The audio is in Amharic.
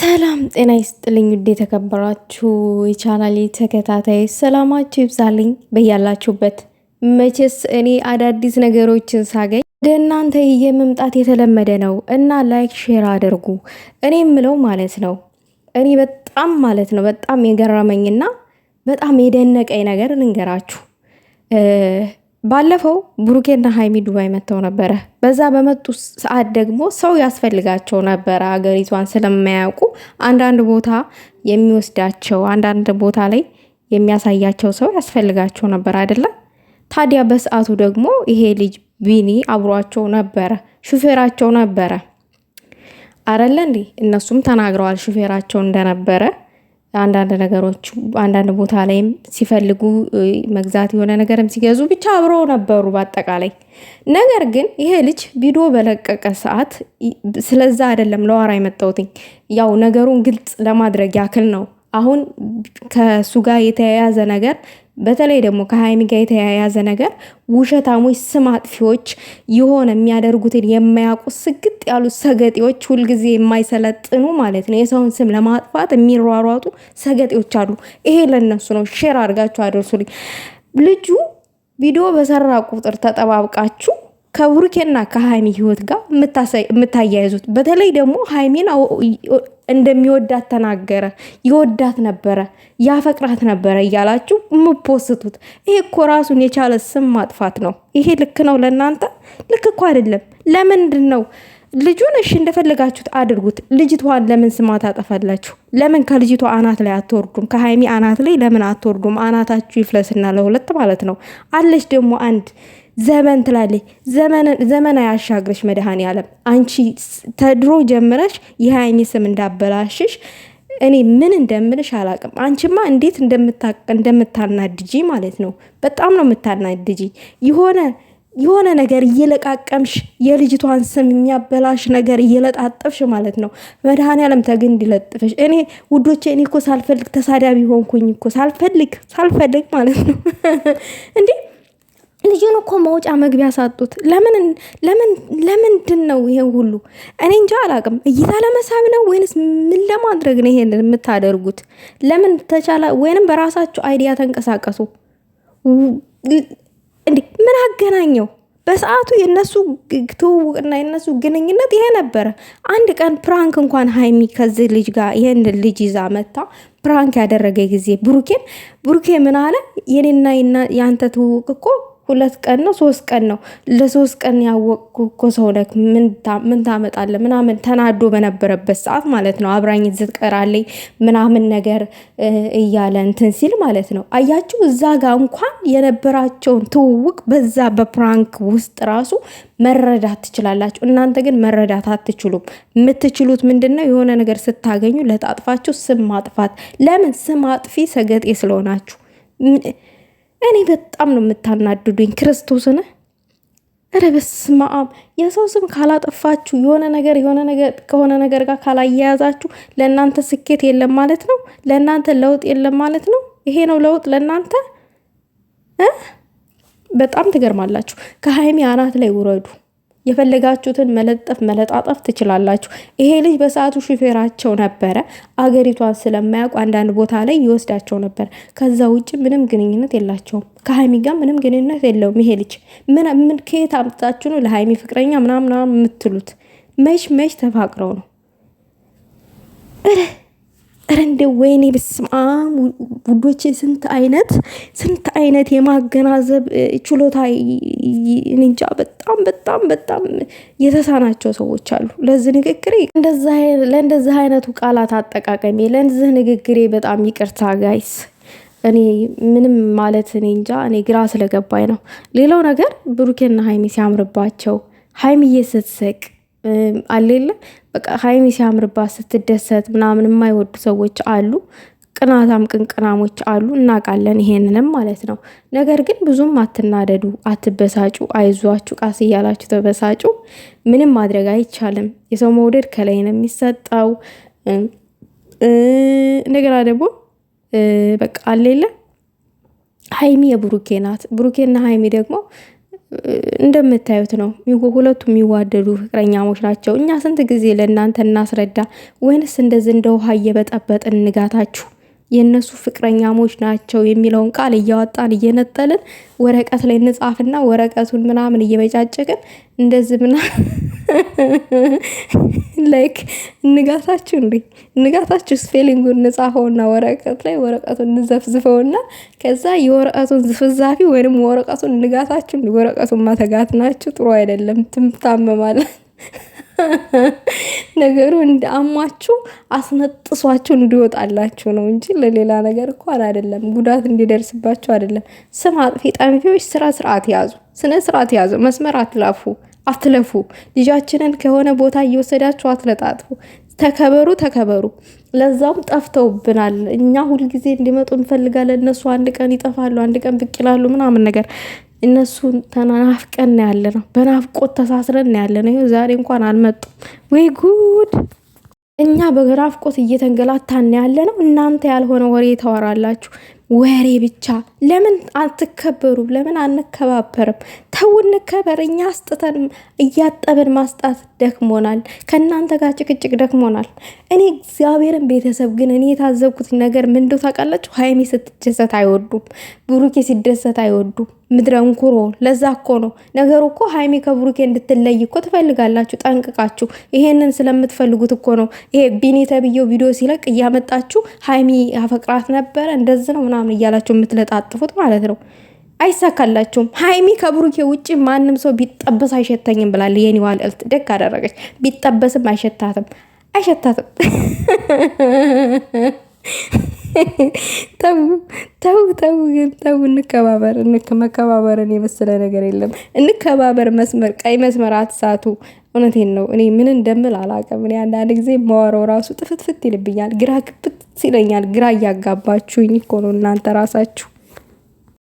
ሰላም ጤና ይስጥልኝ። ውድ የተከበራችሁ የቻናሌ ተከታታይ ሰላማችሁ ይብዛልኝ በያላችሁበት። መቼስ እኔ አዳዲስ ነገሮችን ሳገኝ ወደ እናንተ የመምጣት የተለመደ ነው እና ላይክ ሼር አድርጉ። እኔ የምለው ማለት ነው እኔ በጣም ማለት ነው በጣም የገረመኝና በጣም የደነቀኝ ነገር ልንገራችሁ ባለፈው ብሩኬና ሀይሚ ዱባይ መጥተው ነበረ። በዛ በመጡ ሰዓት ደግሞ ሰው ያስፈልጋቸው ነበረ። ሀገሪቷን ስለማያውቁ አንዳንድ ቦታ የሚወስዳቸው አንዳንድ ቦታ ላይ የሚያሳያቸው ሰው ያስፈልጋቸው ነበር አይደለም። ታዲያ በሰዓቱ ደግሞ ይሄ ልጅ ቢኒ አብሯቸው ነበረ፣ ሹፌራቸው ነበረ አረለ እንዴ? እነሱም ተናግረዋል ሹፌራቸው እንደነበረ አንዳንድ ነገሮች አንዳንድ ቦታ ላይም ሲፈልጉ መግዛት የሆነ ነገርም ሲገዙ ብቻ አብሮ ነበሩ በአጠቃላይ። ነገር ግን ይሄ ልጅ ቪዲዮ በለቀቀ ሰዓት ስለዛ አይደለም ለዋራ አይመጣውትኝ ያው ነገሩን ግልጽ ለማድረግ ያክል ነው። አሁን ከእሱ ጋር የተያያዘ ነገር በተለይ ደግሞ ከሀይሚ ጋር የተያያዘ ነገር ውሸታሞች፣ ስም አጥፊዎች የሆነ የሚያደርጉትን የማያውቁ ስግጥ ያሉ ሰገጤዎች፣ ሁልጊዜ የማይሰለጥኑ ማለት ነው የሰውን ስም ለማጥፋት የሚሯሯጡ ሰገጤዎች አሉ። ይሄ ለነሱ ነው። ሼር አድርጋችሁ አደርሱልኝ። ልጁ ቪዲዮ በሰራ ቁጥር ተጠባብቃችሁ ከብሩኬና ከሀይሚ ህይወት ጋር የምታያይዙት በተለይ ደግሞ ሃይሚን እንደሚወዳት ተናገረ፣ ይወዳት ነበረ፣ ያፈቅራት ነበረ እያላችሁ የምፖስቱት ይሄ እኮ ራሱን የቻለ ስም ማጥፋት ነው። ይሄ ልክ ነው? ለእናንተ ልክ እኮ አይደለም። ለምንድን ነው ልጁን እሺ እንደፈለጋችሁት አድርጉት። ልጅቷን ለምን ስማ ታጠፋላችሁ? ለምን ከልጅቷ አናት ላይ አትወርዱም? ከሀይሚ አናት ላይ ለምን አትወርዱም? አናታችሁ ይፍለስና ለሁለት ማለት ነው። አለች ደግሞ አንድ ዘመን ትላለች። ዘመን አያሻግርሽ መድኃኔ ዓለም አንቺ ተድሮ ጀምረሽ የሀይኒ ስም እንዳበላሽሽ እኔ ምን እንደምልሽ አላቅም። አንቺማ እንዴት እንደምታናድጂ ማለት ነው። በጣም ነው የምታናድጂ። የሆነ የሆነ ነገር እየለቃቀምሽ የልጅቷን ስም የሚያበላሽ ነገር እየለጣጠፍሽ ማለት ነው። መድኃኔዓለም ተግን እንዲለጥፍሽ። እኔ ውዶቼ፣ እኔ እኮ ሳልፈልግ ተሳዳቢ ሆንኩኝ እኮ ሳልፈልግ ሳልፈልግ ማለት ነው እንዴ ልጁን እኮ መውጫ መግቢያ ሳጡት። ለምንድን ነው ይሄ ሁሉ? እኔ እንጃ አላቅም። እይታ ለመሳብ ነው ወይንስ ምን ለማድረግ ነው ይሄን የምታደርጉት? ለምን ተቻለ? ወይንም በራሳችሁ አይዲያ ተንቀሳቀሱ። እንዴ ምን አገናኘው? በሰዓቱ የነሱ ትውውቅና የነሱ ግንኙነት ይሄ ነበረ። አንድ ቀን ፕራንክ እንኳን ሀይሚ ከዚህ ልጅ ጋር ይህን ልጅ ይዛ መታ ፕራንክ ያደረገ ጊዜ ብሩኬን ብሩኬ ምን አለ? የኔና የአንተ ትውውቅ እኮ ሁለት ቀን ነው ሶስት ቀን ነው ለሶስት ቀን ያወቅኩ እኮ ሰው ነክ ምን ታመጣለ ምናምን ተናዶ በነበረበት ሰዓት ማለት ነው አብራኝ ዝትቀራለኝ ምናምን ነገር እያለ እንትን ሲል ማለት ነው። አያችሁ እዛ ጋር እንኳን የነበራቸውን ትውውቅ በዛ በፕራንክ ውስጥ ራሱ መረዳት ትችላላችሁ። እናንተ ግን መረዳት አትችሉም። የምትችሉት ምንድን ነው? የሆነ ነገር ስታገኙ ለጣጥፋችሁ ስም ማጥፋት። ለምን ስም አጥፊ ሰገጤ ስለሆናችሁ እኔ በጣም ነው የምታናድዱኝ ክርስቶስን። ረ በስመ አብ! የሰው ስም ካላጠፋችሁ የሆነ ነገር የሆነ ነገር ከሆነ ነገር ጋር ካላያያዛችሁ ለእናንተ ስኬት የለም ማለት ነው። ለእናንተ ለውጥ የለም ማለት ነው። ይሄ ነው ለውጥ ለእናንተ። በጣም ትገርማላችሁ። ከሀይሚ አናት ላይ ውረዱ። የፈለጋችሁትን መለጠፍ መለጣጠፍ ትችላላችሁ። ይሄ ልጅ በሰዓቱ ሹፌራቸው ነበረ። አገሪቷን ስለማያውቁ አንዳንድ ቦታ ላይ ይወስዳቸው ነበር። ከዛ ውጭ ምንም ግንኙነት የላቸውም። ከሀይሚ ጋር ምንም ግንኙነት የለውም። ይሄ ልጅ ምን ከየት አምጥታችሁ ነው ለሀይሚ ፍቅረኛ ምናምና የምትሉት? መች መች ተፋቅረው ነው ኧረ ወይኔ በስመ ውዶቼ፣ ስንት አይነት ስንት አይነት የማገናዘብ ችሎታ እንጃ። በጣም በጣም በጣም የተሳናቸው ሰዎች አሉ። ለዚህ ንግግሬ ለእንደዚህ አይነቱ ቃላት አጠቃቀሜ ለእንዚህ ንግግሬ በጣም ይቅርታ ጋይስ። እኔ ምንም ማለት እኔ እንጃ፣ እኔ ግራ ስለገባኝ ነው። ሌላው ነገር ብሩኬና ሀይሚ ሲያምርባቸው ሀይሚዬ ስትስቅ አለ በቃ ሀይሚ ሲያምርባት ስትደሰት ምናምን የማይወዱ ሰዎች አሉ። ቅናታም ቅንቅናሞች አሉ፣ እናውቃለን ይሄንንም ማለት ነው። ነገር ግን ብዙም አትናደዱ፣ አትበሳጩ፣ አይዟችሁ ቃስ እያላችሁ ተበሳጩ። ምንም ማድረግ አይቻልም። የሰው መውደድ ከላይ ነው የሚሰጠው። እንደገና ደግሞ በቃ አለ ሀይሚ የብሩኬ ናት። ብሩኬና ሀይሚ ደግሞ እንደምታዩት ነው ሁለቱ የሚዋደዱ ፍቅረኛሞች ናቸው። እኛ ስንት ጊዜ ለእናንተ እናስረዳ ወይንስ እንደዚህ እንደ ውሃ እየበጠበጥን ንጋታችሁ የእነሱ ፍቅረኛሞች ናቸው የሚለውን ቃል እያወጣን እየነጠልን ወረቀት ላይ እንጻፍና ወረቀቱን ምናምን እየበጫጨቅን እንደዚህ ምና ላይክ እንጋታችሁ እንዴ እንጋታችሁ። ስፔሊንጉን እንጻፈውና ወረቀት ላይ ወረቀቱን እንዘፍዝፈውና ከዛ የወረቀቱን ዝፍዛፊ ወይም ወረቀቱን እንጋታችሁ። ወረቀቱን ማተጋት ናችሁ ጥሩ አይደለም፣ ትምታመማለን። ነገሩ እንደ አሟችሁ አስነጥሷችሁ እንዲወጣላችሁ ነው እንጂ ለሌላ ነገር እንኳን አይደለም። ጉዳት እንዲደርስባችሁ አይደለም። ስም አጥፊ ጠንፊዎች ስራ ስርዓት ያዙ፣ ስነ ስርዓት ያዙ። መስመር አትላፉ፣ አትለፉ። ልጃችንን ከሆነ ቦታ እየወሰዳችሁ አትለጣጥፉ። ተከበሩ፣ ተከበሩ። ለዛውም ጠፍተውብናል። እኛ ሁልጊዜ እንዲመጡ እንፈልጋለን። እነሱ አንድ ቀን ይጠፋሉ፣ አንድ ቀን ብቅ ይላሉ ምናምን ነገር እነሱን ተናፍቀን ያለ ነው። በናፍቆት ተሳስረን ያለ ነው። ዛሬ እንኳን አልመጡም ወይ ጉድ! እኛ በናፍቆት እየተንገላታን ያለ ነው። እናንተ ያልሆነ ወሬ ታወራላችሁ። ወሬ ብቻ። ለምን አትከበሩም? ለምን አንከባበርም? ተው እንከበር። እኛ አስጥተን እያጠብን ማስጣት ደክሞናል። ከእናንተ ጋር ጭቅጭቅ ደክሞናል። እኔ እግዚአብሔርን ቤተሰብ ግን እኔ የታዘብኩት ነገር ምንዶ ታውቃላችሁ? ሀይሜ ስትደሰት አይወዱም፣ ብሩኬ ሲደሰት አይወዱም። ምድረ እንኩሮ ለዛ እኮ ነው ነገሩ እኮ ሀይሜ ከብሩኬ እንድትለይ እኮ ትፈልጋላችሁ ጠንቅቃችሁ። ይሄንን ስለምትፈልጉት እኮ ነው ይሄ ቢኒ ተብዬው ቪዲዮ ሲለቅ እያመጣችሁ ሀይሜ ያፈቅራት ነበረ እንደዚህ ነው ምናምን እያላቸው የምትለጣጥፉት ማለት ነው። አይሳካላችሁም። ሀይሚ ከብሩኬ ውጭ ማንም ሰው ቢጠበስ አይሸተኝም ብላል። የኔዋ እልት ደግ አደረገች። ቢጠበስም አይሸታትም አይሸታትም። ተው ተው ተው ግን ተው፣ እንከባበር። መከባበርን የመሰለ ነገር የለም። እንከባበር። መስመር ቀይ መስመር አትሳቱ። እውነቴን ነው። እኔ ምን እንደምል አላውቅም። እኔ አንዳንድ ጊዜ ማወራው ራሱ ጥፍትፍት ይልብኛል፣ ግራ ክፍት ይለኛል። ግራ እያጋባችሁኝ እኮ ነው እናንተ ራሳችሁ።